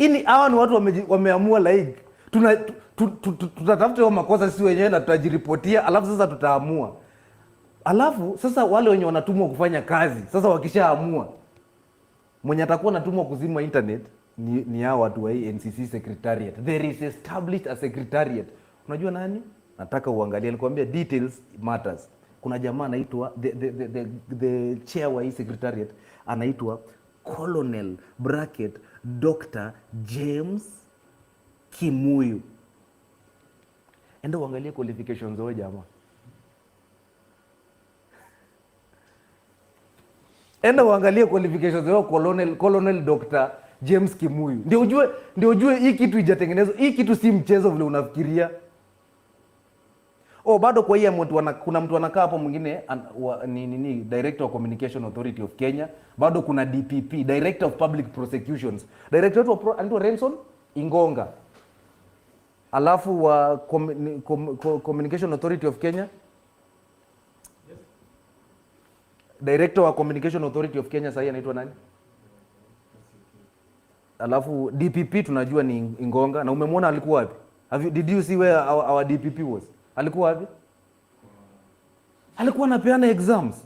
Ini hawa ni watu wameamua like tuna tutatafuta hiyo makosa sisi wenyewe na tutajiripotia, alafu sasa tutaamua. Alafu sasa wale wenye wanatumwa kufanya kazi sasa wakishaamua, mwenye atakuwa natumwa kuzima internet ni, ni hao watu wa NCC secretariat. There is established a secretariat. Unajua nani? Nataka uangalia alikwambia details matters. Kuna jamaa anaitwa the, the, the, the, the chair wa hii secretariat anaitwa Colonel bracket Dr. James Kimuyu. Enda uangalie qualifications zao jamaa, enda uangalie qualifications zao Colonel, Colonel Dr. James Kimuyu, ndio ujue, ndio ujue hii kitu ijatengenezwa. Hii kitu si mchezo vile unafikiria. Oh, bado kwa hiyo mtu wana, kuna mtu anakaa hapo mwingine ni, ni, ni Director of Communication Authority of Kenya, bado kuna DPP Director of Public Prosecutions, Director of Pro, anaitwa Renson Ingonga, alafu wa Com, Com, Com, Communication Authority of Kenya Director wa Communication Authority of Kenya sasa anaitwa nani? Alafu DPP tunajua ni Ingonga, na umemwona alikuwa wapi? Have you, did you see where our, our DPP was? alikuwa wapi? Alikuwa anapeana exams.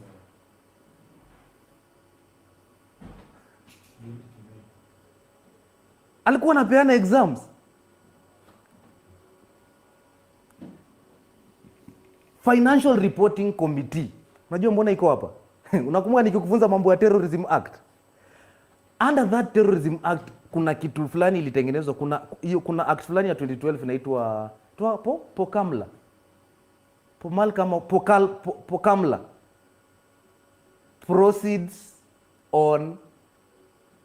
Alikuwa anapeana exams. Financial Reporting Committee. Unajua mbona iko hapa? Unakumbuka nikikufunza mambo ya Terrorism Act. Under that Terrorism Act kuna kitu fulani ilitengenezwa, kuna hiyo kuna act fulani ya 2012 inaitwa po, po Kamla. Pomal kama Pokal, Pokamla proceeds on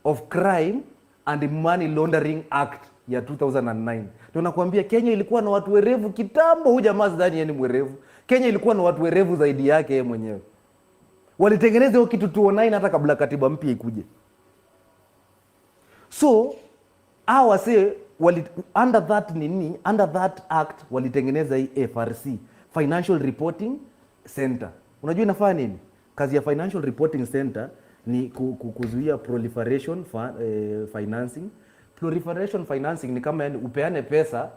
of crime and money laundering act ya 2009. Ndio nakwambia Kenya ilikuwa na watu werevu kitambo. Huyu jamaa sidhani yeye ni mwerevu. Kenya ilikuwa na watu werevu zaidi yake yeye mwenyewe. Walitengeneza hiyo kitu 2009 hata kabla katiba mpya ikuje. So hawa wasee under that nini, under that act walitengeneza hii FRC Financial Reporting Center. Unajua inafanya nini? Kazi ya Financial Reporting Center ni kuzuia proliferation fa, eh, financing. Proliferation financing ni kama yani upeane pesa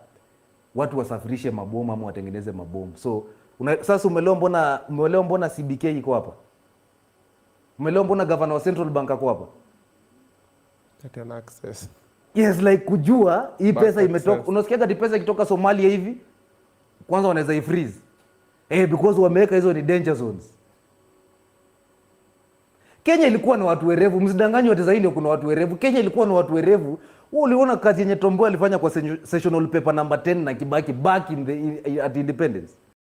watu wasafirishe mabomu ama watengeneze mabomu. So una, sasa umeelewa mbona umeelewa mbona CBK iko hapa? Umeelewa mbona governor wa Central Bank ako hapa? Access. Yes, like kujua hii pesa imetoka. Unasikia hadi pesa ikitoka Somalia hivi kwanza wanaweza ifreeze eh, because wameweka hizo ni danger zones. Kenya ilikuwa na watu werevu, msidanganywe watu zaidi, kuna watu werevu. Kenya ilikuwa na watu werevu. Wewe uliona kazi yenye Tom Mboya alifanya kwa sessional paper number 10 na Kibaki back in the, at independence